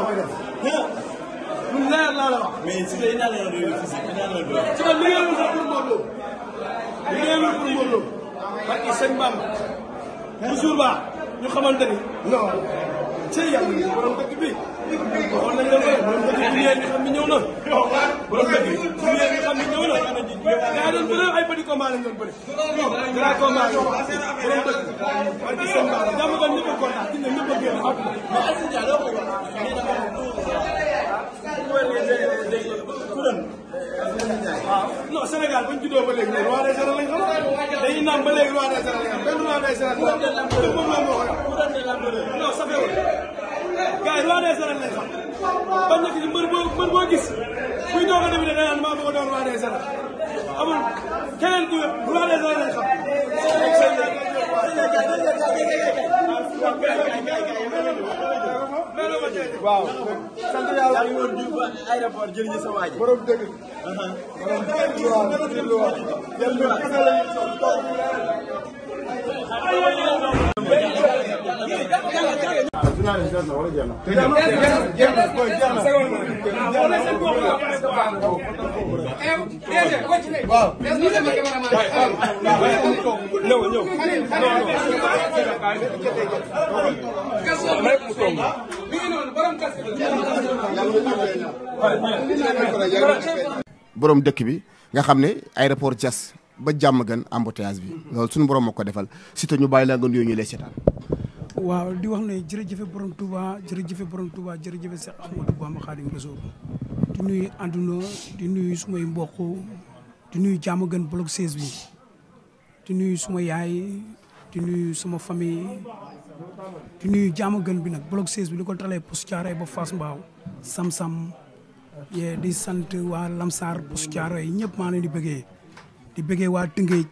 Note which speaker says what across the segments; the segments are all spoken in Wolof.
Speaker 1: laa koy def. lu leer laa la wax. mais si la indaale la doyul si indaale la doyul. si la liggéeyul sax pour Modou Lo. liggéeyul pour Modou Lo. parce que sëñ Bamba. toujours ba ñu xamante ni. non. ci yàlla yi borom dëkk bi waxoon nañ leen ko borom dëkk bi ngeen xam ni ñëw na borom dëkk bi ngeen xam ni ñëw na daa doon bëre ay petit combat lañ doon bëre grand combat la borom dëkk bi parce que seen baax jàmm ba ñëpp a kontaan ci ne ñëpp a génn àdduna waaw non Sénégal bañ juddoo ba léegi roi des arènes lañ xam naan ba léegi roi des xam benn roi des arènes lañ xam te sa feewul gars yi roi des arènes lañ xam bañ nekk ci mbër boo mbër boo a dem a doon roi des xam waaw
Speaker 2: borom dëkk bi nga xam ne aéroport Diass ba jàmm gën embouteillage bi loolu suñu borom moo ko defal Siteu ñu bàyyi laa nga nuyoo ñu lay seetaan.
Speaker 1: waaw di wax ne jërëjëfe borom Touba jërëjëfe borom Touba jërëjëfe Seex Ahmadou Bamba Xaadimu Rasuul di nuyu àdduna di nuyu suma mbokk di nuyu jàmm gën bloc 16 bi di nuyu suma yaay di nuyu suma fami di nuyu jàmm gën bi nag bloc 16 bi lu ko tralee Poste Thiaroye ba Fass Mbao Sam Sam. di sant wa Lamsar Bousso yi ñep ma leen di bëggee di bëggee waa Tëngéej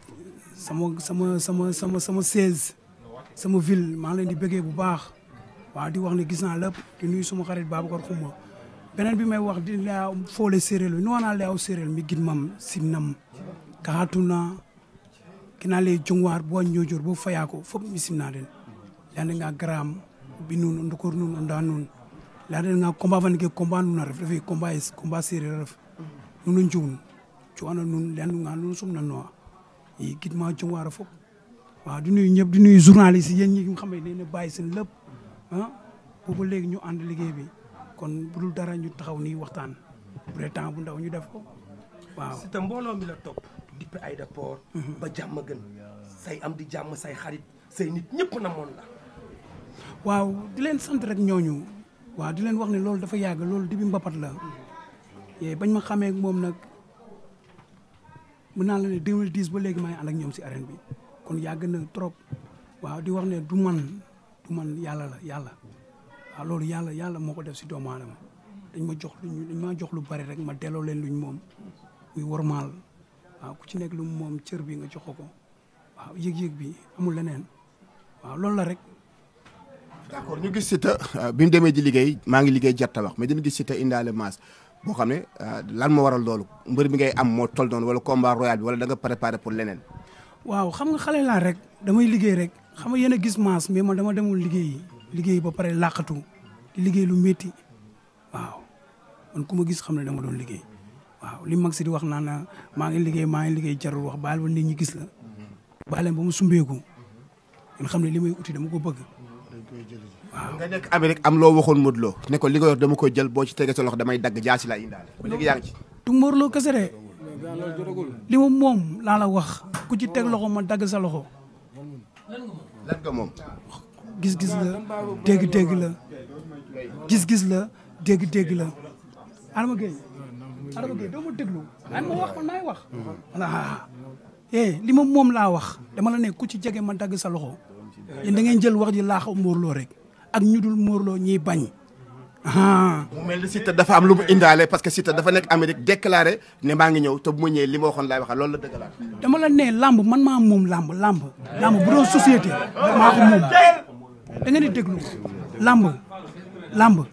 Speaker 1: sama sama sama sama sama siège sama ville ma leen di bëggee bu baax waaw di wax ne gis naa lépp di nuyu suma xarit Babacar Xuma beneen bi may wax di la foole séeréer bi nuwanaa le aw séeréer mi gin mam simnam kaxatuna kina le jongwaar bo ñojor bu fayako fop mi simna den lande nga gram bi nun nun onda laaɗen ga combat fannike combat nduna ref refe combat combat a ref nuno njugnu cuwana nuun leyanduga nuno sumnannoa i gidma jongwara fop waaw du nuyu ñëpp du nuyu journaliste yéen ñi nga xam ne dañu bàyyi seen lépp ah boobu léegi ñu ànd liggéey bi kon bu dul dara ñu taxaw nii waxtaan bu dee temps bu ndaw ñu def ko waaw. si te mbooloo mi la topp dippe ay rapport mhm. ba jàmm gën say am di jàmm say xarit say nit ñëpp na la. rek ñooñu. waaw di leen wax ne loolu dafa yàgg loolu di dibi mbapat la yee eh, bañ ma xamee moom nag mën naa la ne 2010 ba léegi maa ngi ak ñoom si arène bi kon yàgg na trop waaw di wax ne du man du man yàlla la yàlla waaw loolu yàlla yàlla moo ko def si doomu aadama dañ ma jox luñ dañ maa jox lu bari rek ma delloo leen luñ moom muy wormaal waaw ku ci nekk lu moom cër bi nga jox ko waaw yëg-yëg bi amul leneen waaw loolu la rek
Speaker 2: d'accord ñu gis Siteu euh, bi mu demee di liggéey maa ngi liggéey jar tabax mais dañu gis Siteu indaale masse boo xam ne euh, lan moo waral loolu mbër bi ngay am moo toll noonu wala combat royal wala da nga préparé
Speaker 1: waaw xam nga xale laa rek damay liggéey rek xam nga yéen a gis masse mais man dama demul liggéeyi liggéey ba pare làqatu di liggéey lu métti waaw man ku ma gis xam ne dama doon liggéey waaw li mag si di wax naan maa ngi liggéey maa liggéey jarul wax baal ba nit ñi gis la. baal leen ba mu sumbeeku ngeen xam ne li may uti dama ko bëgg. waaw
Speaker 2: nga nekk Amérique am loo waxoon Modou Lo ne ko li nga yor dama koy jël boo ci tege sa loxo damay dagg jaasi laa indaale léegi yaa ngi
Speaker 1: ci du Modou Lo kese de li ma moom laa la wax ku ci teg loxo ma dagg sa moom
Speaker 2: gis-gis la dégg-dégg
Speaker 1: gis la dégg-dégg la Adama Gueye mm-hmm. eh, li ma moom laa wax dama la ne ku ci jege ma dagg sa loxo yéen da ngeen jël wax ji laaxaw Morlo rek ak ñu dul Morlo ñiy bañ. Ah.
Speaker 2: mu mel ni Siteu dafa am lu mu indaale parce que Siteu dafa nekk Amérique déclaré ne maa ngi ñëw te bu ma ñëwee li moo waxoon laay waxal loolu la dëggalaat.
Speaker 1: dama la ne lamb man maa moom lamb lamb. lamb di déglu lamb lamb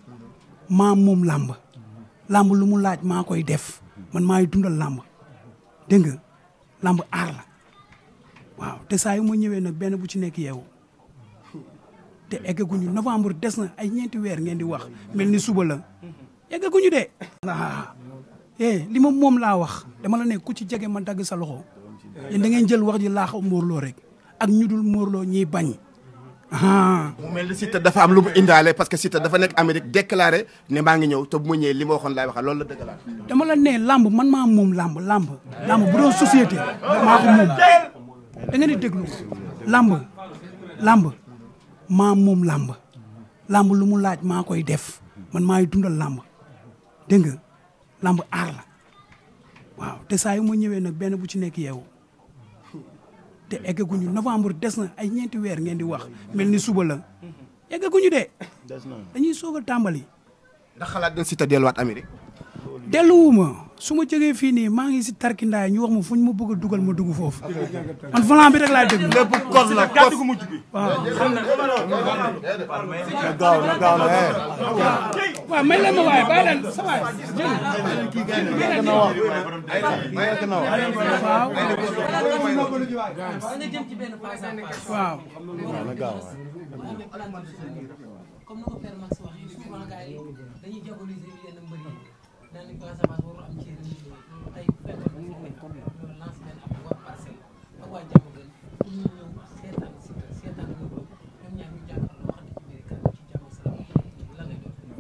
Speaker 1: maa moom lamb lamb lu mu laaj maa koy def man maay dundal lamb dégg nga lamb aar la waaw te saa yu ma ñëwee nag benn bu ci nekk yeewu. te eggaguñu novembre des na ay ñeenti weer ngeen di wax mel ni suba la eggaguñu de. ah li ma moom laa wax dama la ne ku ci jege ma dagg sa loxo yéen da ngeen jël wax ji laax a mórloo rek ak ñu dul mórloo ñiy bañ. mu mel ni dafa am lu mu
Speaker 2: indaale parce que Siteu dafa nekk Amérique déclaré ne maa ngi ñëw te bu ma ñëwee li ma waxoon laay waxal loolu la dëgg laa.
Speaker 1: dama la ne lamb man maa moom lamb lamb. lamb bu doon déglu lamb lamb. maa moom làmb lamb lu mu laaj maa koy def man maay dundal làmb dégg nga làmb aar la waaw te saa yu ma ñëwee nag benn bu ci nekk yeewu te eggaguñu novembre des na ay ñeenti weer ngeen di wax mel ni suba la eggaguñu de. des na dañuy soog a tàmbali. ndax xalaat nga si te delluwaat Amérique. su ma jegee fii nii maa ngi si tarkindaay ñu wax ma fu ñu ma bëgg a dugal ma dugg foofu man volant bi rek laay déglu. lépp kos na gaaw na gaaw na eh.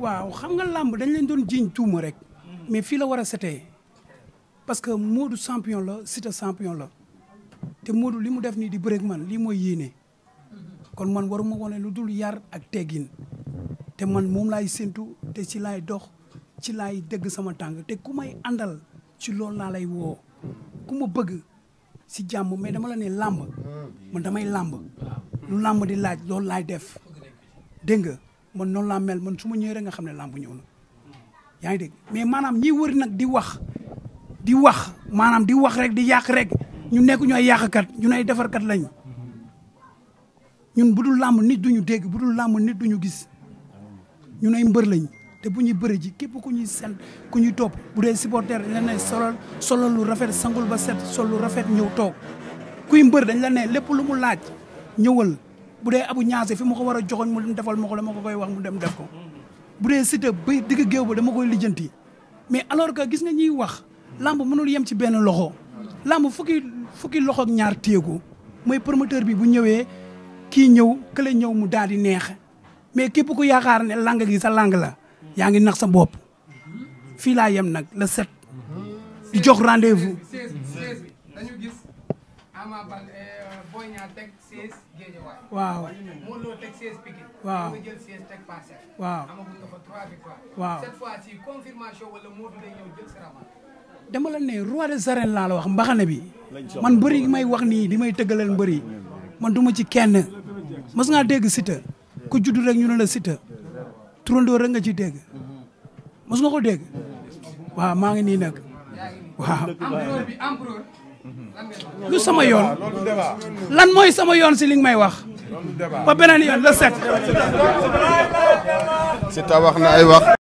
Speaker 1: waaw xam nga làmb dañ leen doon jiiñ tuuma rek mm. mais fii la war a setee parce que Modou champion la Siteu champion la te moodu li mu def nii di bëreeg man lii mooy yéene mm-hmm. kon man waruma wone lu dul yar ak teggin te man moom laay séntu te ci lay dox ci lay deug sama tang te ku may àndal ci lol lay wo bëgg si jamu, mais dama la ne lamb man damay lamb lu lamb di laaj do lay def deug nga man non la mel man suma ma nga xamné ne ñëw na yaay deg, mais manam ñi wër nak di wax di wax manam di wax rek di yaq rek ñu nekk ñoy yaq kat ñu ay defarkat lañ ñun budul lamb nit duñu dégg budul lamb nit duñu gis ñu nay mbeur lañ te bu ñuy bëri ji képp ku ñuy seen ku ñuy topp bu dee supporter dañ la ne solal solal lu rafet sangul ba set sol lu rafet ñëw toog kuy mbër dañ la ne lépp lu mu laaj ñëwal bu dee abu ñaase fi mu ko war a joxoñ mu dem defal ma ko la ma ko koy wax mu dem def ko bu dee site bay digg géew ba dama koy lijjanti mais alors que gis nga ñuy wax lamb mënul yem ci benn loxo lamb fukki fukki loxo ak ñaar téegu mooy promoteur bi bu ñëwee kii ñëw kële ñëw mu daal di neex mais képp ku yaakaar ne lang gi sa lang la yaa ngi nax sa bopp fii laa yem nag la sept
Speaker 2: di jox rendez-vous
Speaker 1: euh, waaw waaw waaw waaw dama la ne roi des laa la wax mbaxane bi man bëri may wax nii di may tëggaleen bëri man duma ci kenn mas ngaa dégg Siteu ku judd rek ñu ne la Siteu turandoo rek nga ci dégg mm-hmm. mos nga ko dégg waaw maa ngi nii nag waaw mm-hmm. lu sama yoon lan mooy sama yoon si li may wax ba beneen yoon la set si ta wax na wax